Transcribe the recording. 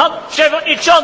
Pan przewodniczący!